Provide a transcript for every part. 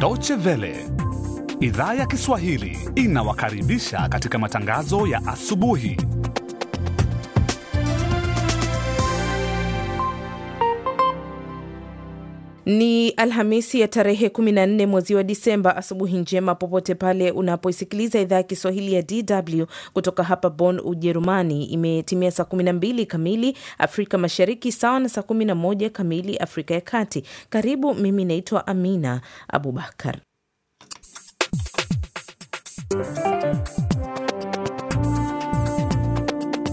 Deutsche Welle idhaa ya Kiswahili inawakaribisha katika matangazo ya asubuhi Ni Alhamisi ya tarehe 14 mwezi wa Disemba. Asubuhi njema popote pale unapoisikiliza idhaa ya Kiswahili ya DW kutoka hapa bon Ujerumani. Imetimia saa 12 kamili Afrika Mashariki, sawa na saa 11 kamili Afrika ya Kati. Karibu, mimi naitwa Amina Abubakar.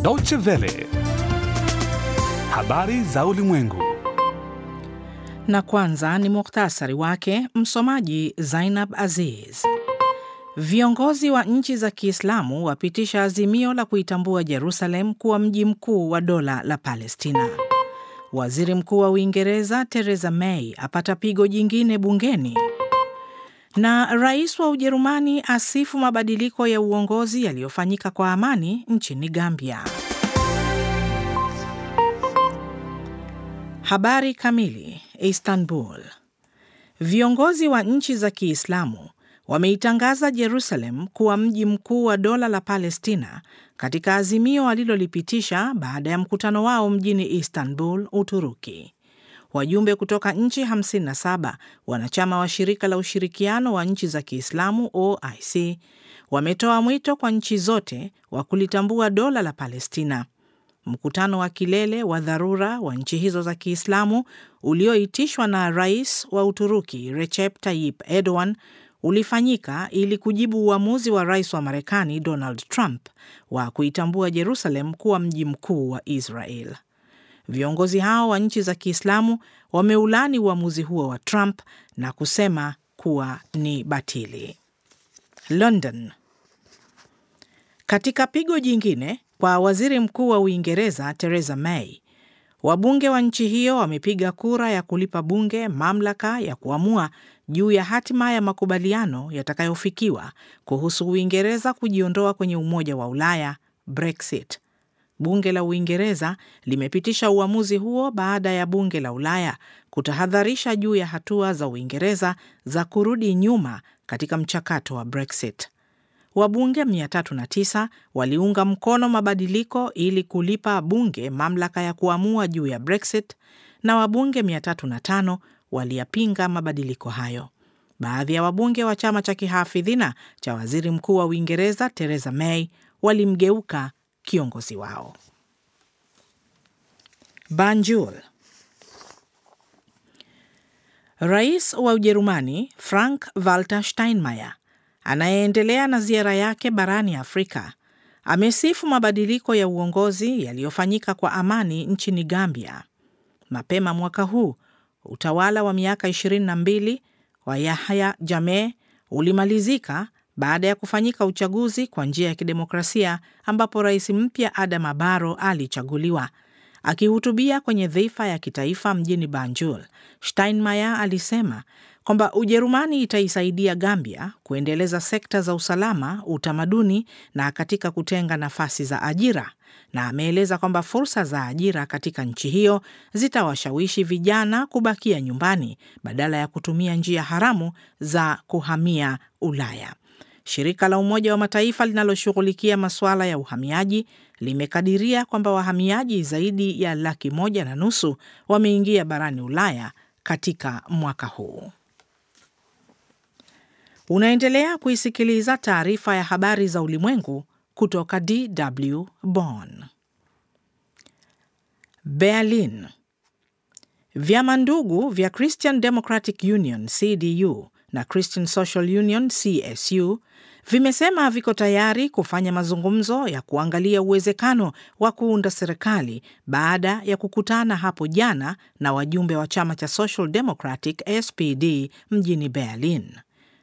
Deutsche Welle, habari za ulimwengu na kwanza ni muhtasari wake. Msomaji Zainab Aziz. Viongozi wa nchi za Kiislamu wapitisha azimio la kuitambua Jerusalem kuwa mji mkuu wa dola la Palestina. Waziri Mkuu wa Uingereza Theresa May apata pigo jingine bungeni, na rais wa Ujerumani asifu mabadiliko ya uongozi yaliyofanyika kwa amani nchini Gambia. Habari kamili. Istanbul. Viongozi wa nchi za Kiislamu wameitangaza Jerusalem kuwa mji mkuu wa dola la Palestina katika azimio alilolipitisha baada ya mkutano wao mjini Istanbul, Uturuki. Wajumbe kutoka nchi 57 wanachama wa shirika la ushirikiano wa nchi za Kiislamu OIC wametoa mwito kwa nchi zote wa kulitambua dola la Palestina mkutano wa kilele wa dharura wa nchi hizo za Kiislamu ulioitishwa na rais wa Uturuki Recep Tayyip Erdogan ulifanyika ili kujibu uamuzi wa rais wa Marekani Donald Trump wa kuitambua Jerusalem kuwa mji mkuu wa Israel. Viongozi hao wa nchi za Kiislamu wameulani uamuzi huo wa Trump na kusema kuwa ni batili. London. Katika pigo jingine, kwa waziri mkuu wa Uingereza Theresa May. Wabunge wa nchi hiyo wamepiga kura ya kulipa bunge mamlaka ya kuamua juu ya hatima ya makubaliano yatakayofikiwa kuhusu Uingereza kujiondoa kwenye Umoja wa Ulaya, Brexit. Bunge la Uingereza limepitisha uamuzi huo baada ya bunge la Ulaya kutahadharisha juu ya hatua za Uingereza za kurudi nyuma katika mchakato wa Brexit wabunge 309 waliunga mkono mabadiliko ili kulipa bunge mamlaka ya kuamua juu ya Brexit na wabunge 305 waliyapinga mabadiliko hayo. Baadhi ya wabunge wa chama cha kihafidhina cha waziri mkuu wa Uingereza Theresa May walimgeuka kiongozi wao. Banjul. Rais wa Ujerumani Frank Walter Steinmeier anayeendelea na ziara yake barani Afrika amesifu mabadiliko ya uongozi yaliyofanyika kwa amani nchini Gambia. Mapema mwaka huu utawala wa miaka 22 wa Yahya Jammeh ulimalizika baada ya kufanyika uchaguzi kwa njia ya kidemokrasia ambapo rais mpya Adama Barrow alichaguliwa. Akihutubia kwenye dhifa ya kitaifa mjini Banjul, Steinmeier alisema kwamba Ujerumani itaisaidia Gambia kuendeleza sekta za usalama, utamaduni na katika kutenga nafasi za ajira, na ameeleza kwamba fursa za ajira katika nchi hiyo zitawashawishi vijana kubakia nyumbani badala ya kutumia njia haramu za kuhamia Ulaya. Shirika la Umoja wa Mataifa linaloshughulikia masuala ya uhamiaji limekadiria kwamba wahamiaji zaidi ya laki moja na nusu wameingia barani Ulaya katika mwaka huu. Unaendelea kuisikiliza taarifa ya habari za ulimwengu kutoka DW Bonn. Berlin. Vyama ndugu vya Christian Democratic Union CDU na Christian Social Union CSU vimesema viko tayari kufanya mazungumzo ya kuangalia uwezekano wa kuunda serikali baada ya kukutana hapo jana na wajumbe wa chama cha Social Democratic SPD mjini Berlin.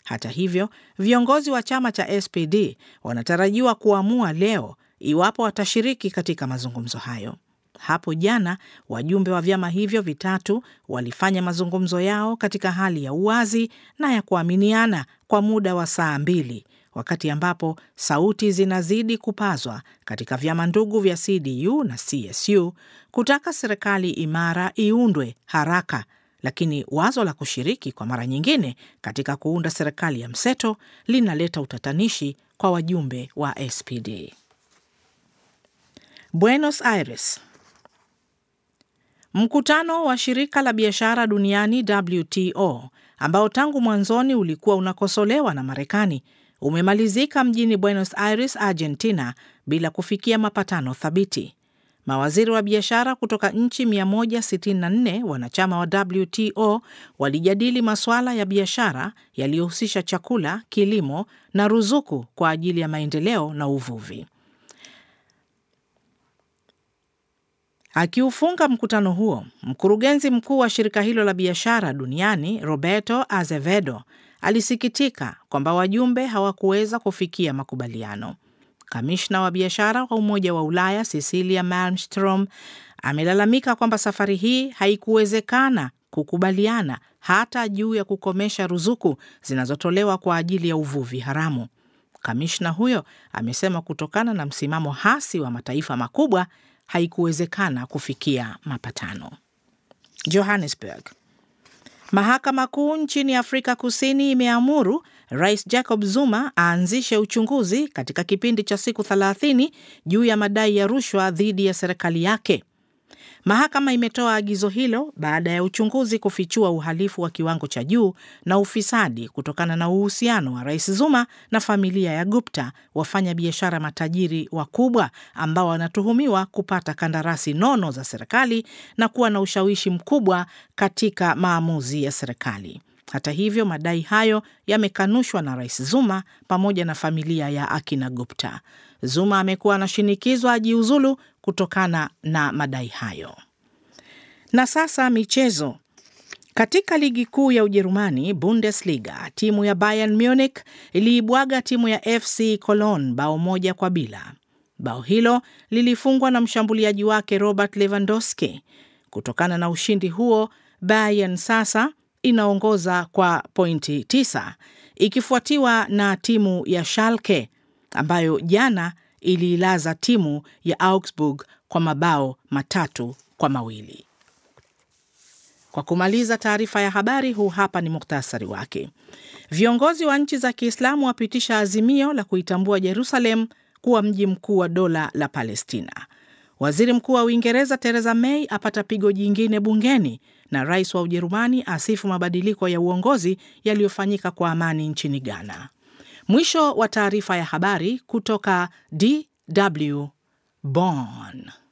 Hata hivyo, viongozi wa chama cha SPD wanatarajiwa kuamua leo iwapo watashiriki katika mazungumzo hayo. Hapo jana wajumbe wa vyama hivyo vitatu walifanya mazungumzo yao katika hali ya uwazi na ya kuaminiana kwa muda wa saa mbili, wakati ambapo sauti zinazidi kupazwa katika vyama ndugu vya CDU na CSU kutaka serikali imara iundwe haraka lakini wazo la kushiriki kwa mara nyingine katika kuunda serikali ya mseto linaleta utatanishi kwa wajumbe wa SPD. Buenos Aires. Mkutano wa shirika la biashara duniani WTO ambao tangu mwanzoni ulikuwa unakosolewa na Marekani umemalizika mjini Buenos Aires, Argentina bila kufikia mapatano thabiti. Mawaziri wa biashara kutoka nchi 164 wanachama wa WTO walijadili masuala ya biashara yaliyohusisha chakula, kilimo na ruzuku kwa ajili ya maendeleo na uvuvi. Akiufunga mkutano huo, mkurugenzi mkuu wa shirika hilo la biashara duniani Roberto Azevedo alisikitika kwamba wajumbe hawakuweza kufikia makubaliano. Kamishna wa biashara wa Umoja wa Ulaya Cecilia Malmstrom amelalamika kwamba safari hii haikuwezekana kukubaliana hata juu ya kukomesha ruzuku zinazotolewa kwa ajili ya uvuvi haramu. Kamishna huyo amesema kutokana na msimamo hasi wa mataifa makubwa haikuwezekana kufikia mapatano. Johannesburg. Mahakama Kuu nchini Afrika Kusini imeamuru Rais Jacob Zuma aanzishe uchunguzi katika kipindi cha siku 30 juu ya madai ya rushwa dhidi ya serikali yake. Mahakama imetoa agizo hilo baada ya uchunguzi kufichua uhalifu wa kiwango cha juu na ufisadi kutokana na uhusiano wa Rais Zuma na familia ya Gupta, wafanyabiashara matajiri wakubwa ambao wanatuhumiwa kupata kandarasi nono za serikali na kuwa na ushawishi mkubwa katika maamuzi ya serikali. Hata hivyo, madai hayo yamekanushwa na Rais Zuma pamoja na familia ya akina Gupta. Zuma amekuwa anashinikizwa ajiuzulu kutokana na madai hayo. Na sasa michezo. Katika ligi kuu ya Ujerumani, Bundesliga, timu ya Bayern Munich iliibwaga timu ya FC Cologne bao moja kwa bila. Bao hilo lilifungwa na mshambuliaji wake Robert Lewandowski. Kutokana na ushindi huo, Bayern sasa inaongoza kwa pointi tisa ikifuatiwa na timu ya shalke ambayo jana iliilaza timu ya Augsburg kwa mabao matatu kwa mawili. Kwa kumaliza taarifa ya habari, huu hapa ni muktasari wake. Viongozi wa nchi za Kiislamu wapitisha azimio la kuitambua Jerusalem kuwa mji mkuu wa dola la Palestina. Waziri Mkuu wa Uingereza Theresa May apata pigo jingine bungeni na rais wa Ujerumani asifu mabadiliko ya uongozi yaliyofanyika kwa amani nchini Ghana. Mwisho wa taarifa ya habari kutoka DW Bonn.